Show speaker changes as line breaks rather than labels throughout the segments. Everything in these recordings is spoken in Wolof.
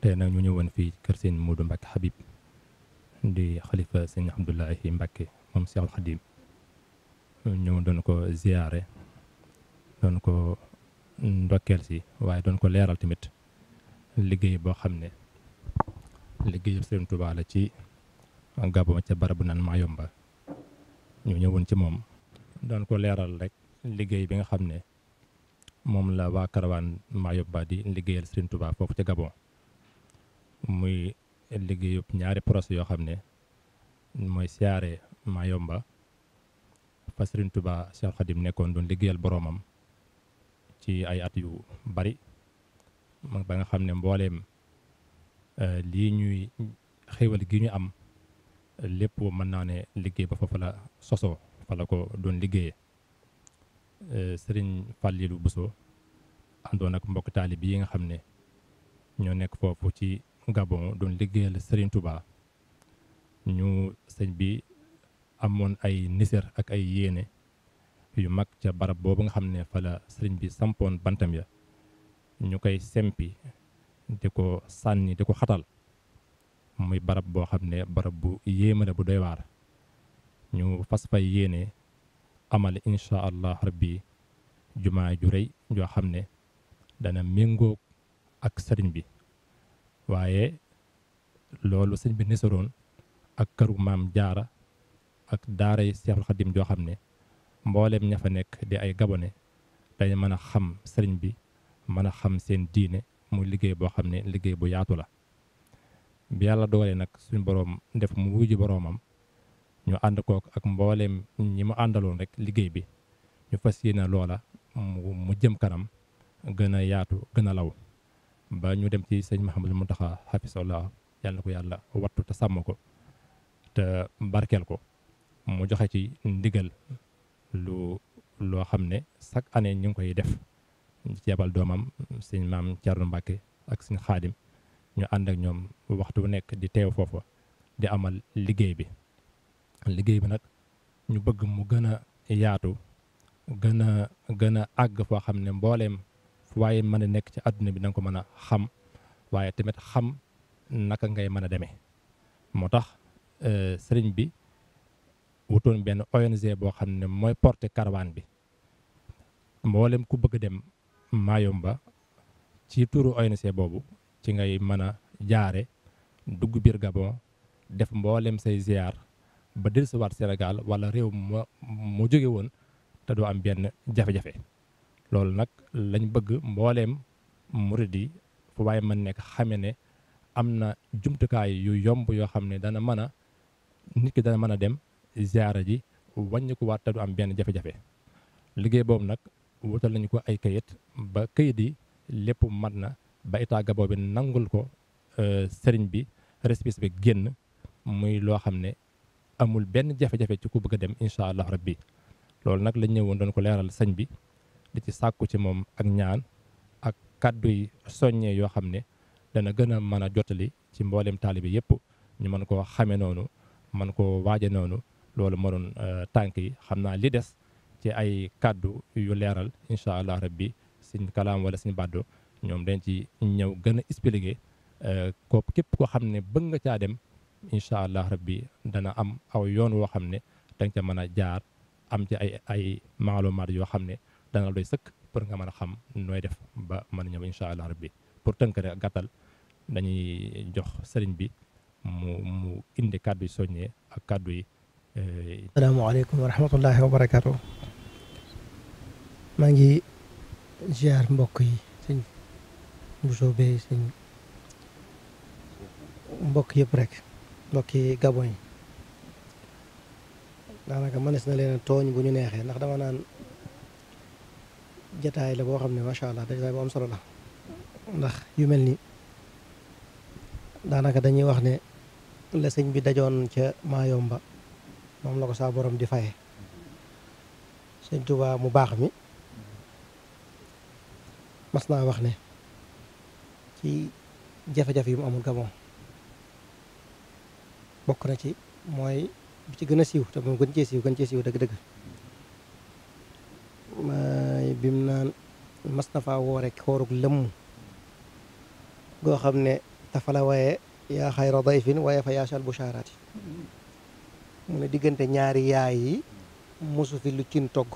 te nag ñu ñëwoon fii kër sëñ Modou Mbacke Habib di xalifa sëñ Abdoulahi Mbacke moom Seexul Xadim ñëw doon ko ziyaare doon ko ndokkeel si waaye doon ko leeral tamit liggéey boo xam ne liggéey Sëriñ Tuubaa la ci Gabon ca barabu naan Mayomba ñu ñëwoon ci moom doon ko leeral rek liggéey bi nga xam ne moom la waa karawaan Mayomba di liggéeyal Sëriñ Tuubaa foofu ca Gabon muy liggéey ñaari projet yoo xam ne mooy siyaare Mayomba fa Sëriñ Tuubaa Cheikh Khadim nekkoon doon liggéeyal boroomam ci ay at yu bari ba nga xam ne mbooleem euh, lii ñuy xéwal gi ñu am lépp mën naa ne liggéey ba fa la sosoo fa la ko doon liggéeyee euh, Sëriñ Fàllilu Buso àndoon ak mbokk taalib yi nga xam ne ñoo nekk foofu ci Gabon doon liggéeyal Serigne Touba ñu sëñ bi amoon ay niser ak ay yéene yu mag ca barab boobu nga xam ne fa la sëriñ bi sampoon bantam ya ñu koy sempi di ko sànni di ko xatal muy barab boo xam ne barab bu yéeme la bu doy ñu fas fay yéene amal incha allah rabbi jumaa ju réy joo xam ne dana méngoo ak sëriñ bi waaye loolu sëñ bi nisaroon ak këru maam jaara ak daaray yi Seexul Xadim joo xam ne mbooleem ña fa nekk di ay gabone dañ mën a xam sëriñ bi mën a xam seen diine mu liggéey boo xam ne liggéey bu yaatu la bi yàlla doole nag suñ boroom def mu wuji boroomam ñu ànd kook ak mbooleem ñi mu àndaloon rek liggéey bi ñu fas yéene loola mu jëm kanam gën a yaatu gën a law ba ñu dem ci sëñ mu Mountakha hafisalla yàlla na ko yàlla wattu te sàmm ko te barkeel ko mu joxe ci ndigal lu loo xam ne chaque année ñu ngi koy def ci doomam sëñ maam Thierno Mbacke ak sëñ Xaadim ñu ànd ak ñoom waxtu nekk di teew foofa di amal liggéey bi liggéey bi nag ñu bëgg mu gën a yaatu gën a gën a àgg foo xam ne mbooleem waaye mën a nekk ci àdduna bi danga ko mën a xam waaye tamit xam naka ngay mën a demee moo tax euh, sëriñ bi wutoon benn ONG boo xam ne mooy porte caravane bi mboolem ku bëgg dem ba ci turu ONG boobu ci ngay mën a jaare dugg biir Gabon def mbooleem say ziar ba dellusiwaat Sénégal wala réew mu mu jóge woon te doo am benn jafe-jafe. loolu nag lañ bëgg mbooleem murid yi fu waaye mën nekk xame ne am na jumtukaay yu yomb yoo xam ne dana mën a nit ki dana mën a dem ziara ji wàññi ko waat te du am benn jafe-jafe liggéey boobu nag wutal nañu ko ay kayit ba kayit yi lépp mat na ba état Gabon bi nangul ko euh, sëriñ bi récépissé bi génn muy loo xam ne amul benn jafe-jafe ci ku bëgg dem incha allah rabbi loolu nag lañ ñëwoon doon ko leeral sañ bi di ci sàkku ci moom ak ñaan ak kàddu yi soññee yoo xam ne dana gën a mën a jotali ci mboolem taalibe yëpp ñu mën koo xame noonu mën koo waaje noonu loolu moo doon euh, tànk yi xam naa li des ci ay kàddu yu leeral incha allah rabbi suñ kalaam wala suñ bàddu ñoom dañ ci ñëw gën a expliquer euh, ko képp koo xam ne bëgg nga caa dem incha allah rabbi dana am aw yoon woo xam ne danga ca mën a jaar am ci ay ay maalumaat yoo xam ne dana la doy sëkk pour nga mën a xam nooy def ba mën a ñëw incha allah rabbi pour tënk rek gàttal dañuy jox sëriñ bi mu mu indi kàddu yi soññee ak kàddu yi.
asalaamaaleykum euh, wa wa barakaatu. maa ngi ziar mbokk yi sëñ Bousso Bey sëñ mbokk yëpp rek mbokk yi Gabon yi daanaka tooñ bu ñu naan. jataay la boo xam ne macha allah jataay bu am solo la ndax yu mel ni daanaka dañuy wax ne la sëñ bi dajoon ca Maayomba moom la saa boroom di faye sëñ Tuubaa mu baax mi mas naa wax ne ci jafe-jafe yi mu amul Gabon bokk na ci mooy bi ci gën a siiw te moom gën cee siiw gën cee siiw dëgg-dëgg bim naan mas na faa woore goo xam ne dafa la waaye yaa xayra dayfin waaye fa yaasal bushaaraati mu ne diggante ñaari yaay yi mosu fi lu cin togg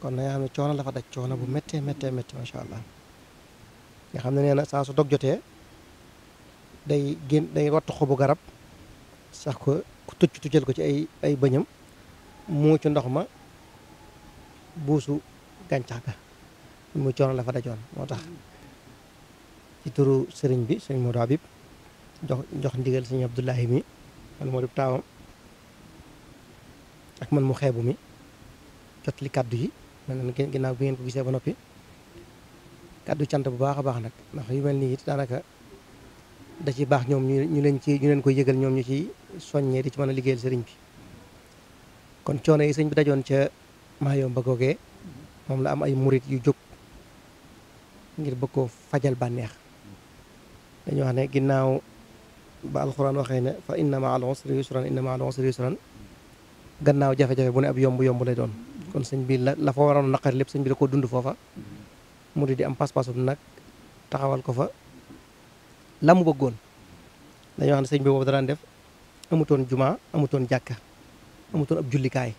kon na yaa xam ne coono la fa daj coono bu méttee méttee méttee macha allah nga xam ne nee na saa su dog jotee day gén day watt xobu garab sax ko tucc tuccal ko ci ay ay bëñam muucu ndox ma buusu gàncax ga mu coono la fa dajoon moo tax ci turu sëriñ bi sëriñ Modou Habib jox jox ndigal sëriñ Abdoulahi mi man moo di taawam ak man mu xeebu mi jot li kàddu yi man ginnaaw bi ngeen ko gisee ba noppi kàddu cant bu baax a baax nag ndax yu mel nii it daanaka da ci baax ñoom ñu ñu leen ci ñu leen koy yëgal ñoom ñu ci soññee di ci mën a liggéeyal sëriñ bi kon coono yi sëriñ bi dajoon ca maa yomba googee moom la am ay murit yu jóg ngir bëgg ko fajal bànneex dañu wax ne ginnaaw ba alxuraan waxee ne fa inna ma al usri yusran inna ma al gannaaw jafe-jafe bu ne ab yomb yomb lay doon kon sëñ bi la la fa waroon naqar lépp sëñ bi da koo dund foofa murit di am pas-pasu nag taxawal ko fa la mu bëggoon dañu wax ne sëñ bi boobu daraan def amutoon jumaa amutoon jàkka amutoon ab jullikaay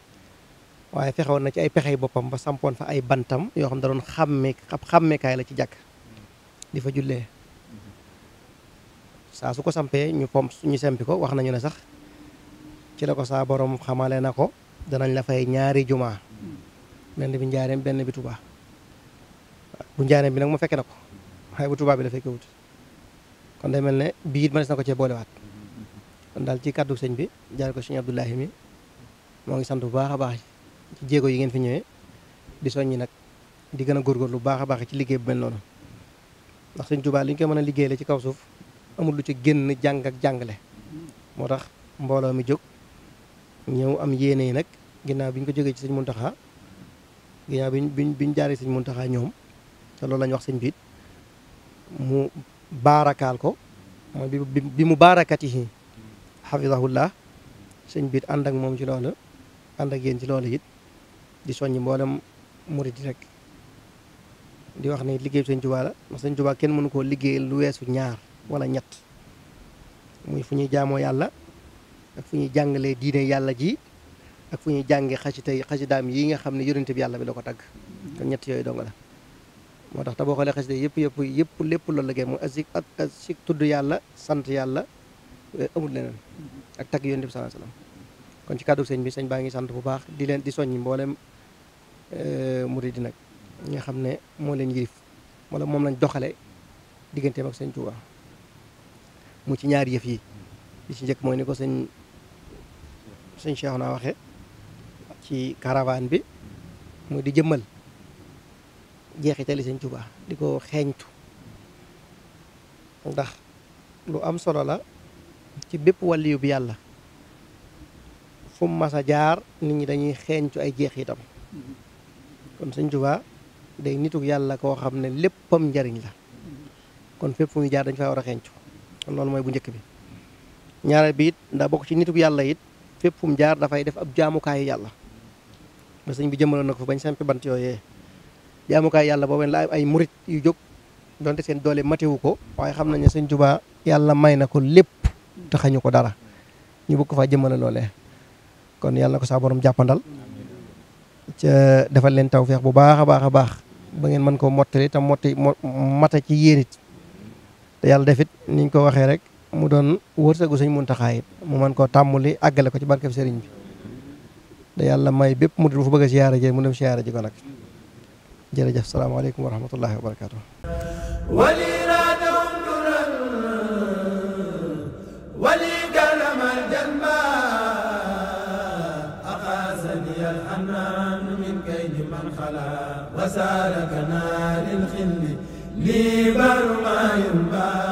waaye fexewoon na ci ay pexey boppam ba sampoon fa ay bantam yoo xam da doon xàmme ab xàmmekaay la ci jàkk di fa jullee saa su ko sampee ñu pom ñu sempi ko wax nañu ne sax ci la ko saa borom xamale na ko danañ la fay ñaari jumaa mel ni bi njaareem benn bi tubaa bu njaareem bi nag mu fekke na ko waaye bu tubaa bi la fekke wut kon day mel ne bii ma mënees na ko cee boolewaat kon daal ci kàddu sëñ bi jaar ko sëñ Abdoulahi mi moo ngi sant bu baax a baax ci jéego yi ngeen fi ñëwee di soññi nag di gën a góorgóorlu bu baax a baax ci liggéey bu mel noonu ndax Sëñ Tuubaa li ñu koy mën a liggéeyale ci kaw suuf amul lu ci génn jàng ak jàngale moo tax mbooloo mi jóg ñëw am yéene yi nag ginnaaw bi ñu ko jógee ci Sëñ Muntaxa ginnaaw bi ñu jaaree Sëñ Muntaxa ñoom te loolu lañ wax sëñ biit mu baarakaal ko mooy bi bi mu baarakatihi xafidahullah sëñ biit ànd ak moom ci loolu ànd ak yéen ci loolu it di soññ mboolem murit di rek di wax ne liggéey Sëñ Tuubaa la ndax Sëñ Tuubaa kenn mënu koo liggéey lu weesu ñaar wala ñett muy fu ñuy jaamoo yàlla ak fu ñuy jàngalee diine yàlla ji fu ñuy jàngee xasita yi xasidaam yi nga xam ne yonente bi yàlla bi la ko tagg ñett yooyu dong la moo tax te boo xoolee xasida yëpp yëpp yëpp lépp loolu la gay mooy asik ak asik tudd yàlla sant yàlla eh, amul leneen ak tagg yonente bi sallallahu kon ci kàddu sëñ bi sëñ baa ngi sant bu baax di leen di soññ mboolem euh, murid yi nag nga xam ne moo leen yilif wala moom lañ doxale digganteem ak sëñ Tuubaa mu ci ñaari yëf yi li ci njëkk mooy ni ko sëñ sëñ Cheikh naa waxe ci caravane bi mu di jëmmal jeexitali sëñ Tuubaa di ko xeeñtu ndax lu am solo la ci bépp wàlliyu bi yàlla fu mu mas a jaar nit ñi dañuy xeeñcu ay jeexitam kon sëñ Tuubaa day nituk yàlla koo xam ne léppam njariñ la kon fépp fu jaar dañ faa war a xeeñcu loolu mooy bu njëkk bi ñaareel bi it ndaa bokk ci nituk yàlla it fépp fu jaar dafay def ab jaamukaayu yàlla ba sëñ bi jëmaloon na ko bañ sampi bant yooyee jaamukaay yàlla boobeen la ay murit yu jóg donte seen doole matewu ko waaye xam nañ ne sëñ Tuubaa yàlla may na ko lépp te xañu ko dara ñu bëgg ko faa jëmale loolee kon yàlla ko saa borom jàppandal ca defal leen tawféex bu baax a baax a baax ba ngeen mën koo mottali te motti mata ci yéen it te yàlla defit niñ ko waxee rek mu doon wërsëgu sëñ Muntaxa it mu mën koo tàmmuli àggale ko ci barkeb sëriñ bi te yàlla may bépp mu bu fa bëgg a siyaara ji mu dem siyaara ji ko nag jërëjëf salaamaaleykum wa rahmatullahi wa barakaatu
وسالكنا للخل لي برما ينبغي